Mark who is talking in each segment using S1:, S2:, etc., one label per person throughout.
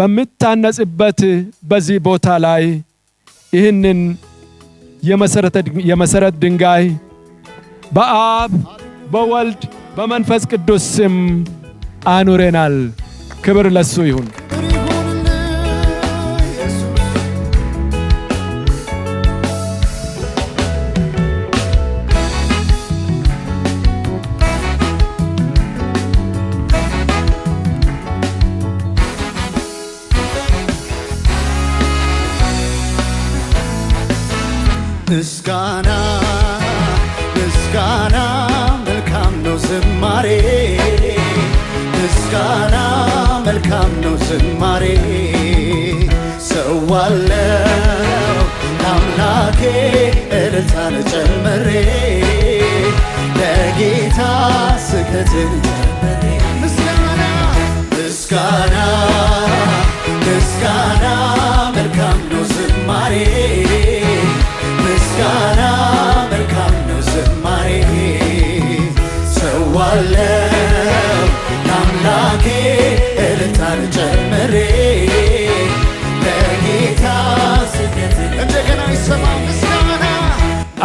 S1: በምታነጽበት በዚህ ቦታ ላይ ይህንን የመሠረት ድንጋይ በአብ በወልድ በመንፈስ ቅዱስ ስም አኑሬናል። ክብር ለሱ ይሁን። ምስጋና ምስጋና መልካም ነው ዝማሬ ምስጋና መልካም ነው ዝማሬ ሰዋለው አምላኬ እልልታን ጨምሬ ለጌታ ስግደትን ምስጋና ምስጋና አምላኬ እልልታን ጨምሬ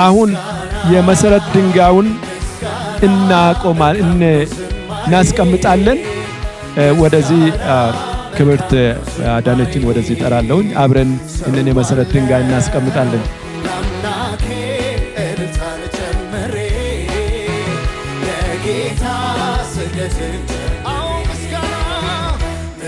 S1: አሁን የመሰረት ድንጋዩን እናቆማል እናስቀምጣለን። ወደዚህ ክብርት አዳነችን ወደዚህ ጠራለሁኝ። አብረን እንን የመሰረት ድንጋይ እናስቀምጣለን። ጌታ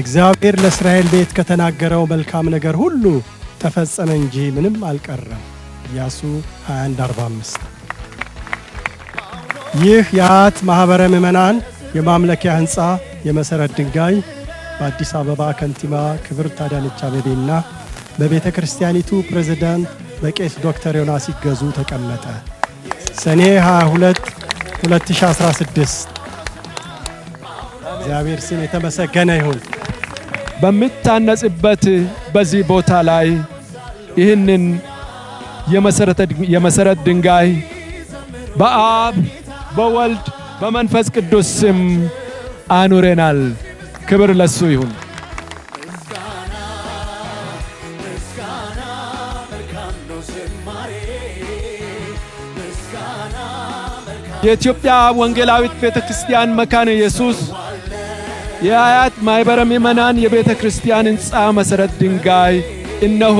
S1: እግዚአብሔር ለእስራኤል ቤት ከተናገረው መልካም ነገር ሁሉ ተፈጸመ እንጂ ምንም አልቀረም። ኢያሱ 2145 ይህ የአት ማኅበረ ምዕመናን የማምለኪያ ሕንፃ የመሠረት ድንጋይ በአዲስ አበባ ከንቲባ ክብርት አዳነች አቤቤና በቤተ ክርስቲያኒቱ ፕሬዝዳንት በቄስ ዶክተር ዮናስ ሲገዙ ተቀመጠ። ሰኔ 22 2016። እግዚአብሔር ስም የተመሰገነ ይሁን። በሚታነጽበት በዚህ ቦታ ላይ ይህንን የመሠረት ድንጋይ በአብ በወልድ በመንፈስ ቅዱስ ስም አኑረናል። ክብር ለሱ ይሁን። የኢትዮጵያ ወንጌላዊት ቤተ ክርስቲያን መካነ ኢየሱስ የአያት ማኅበረ ምዕመናን የቤተ ክርስቲያን ሕንፃ መሠረት ድንጋይ እነሆ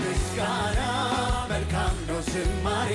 S1: ምስጋና መልካም ነው ዝማሬ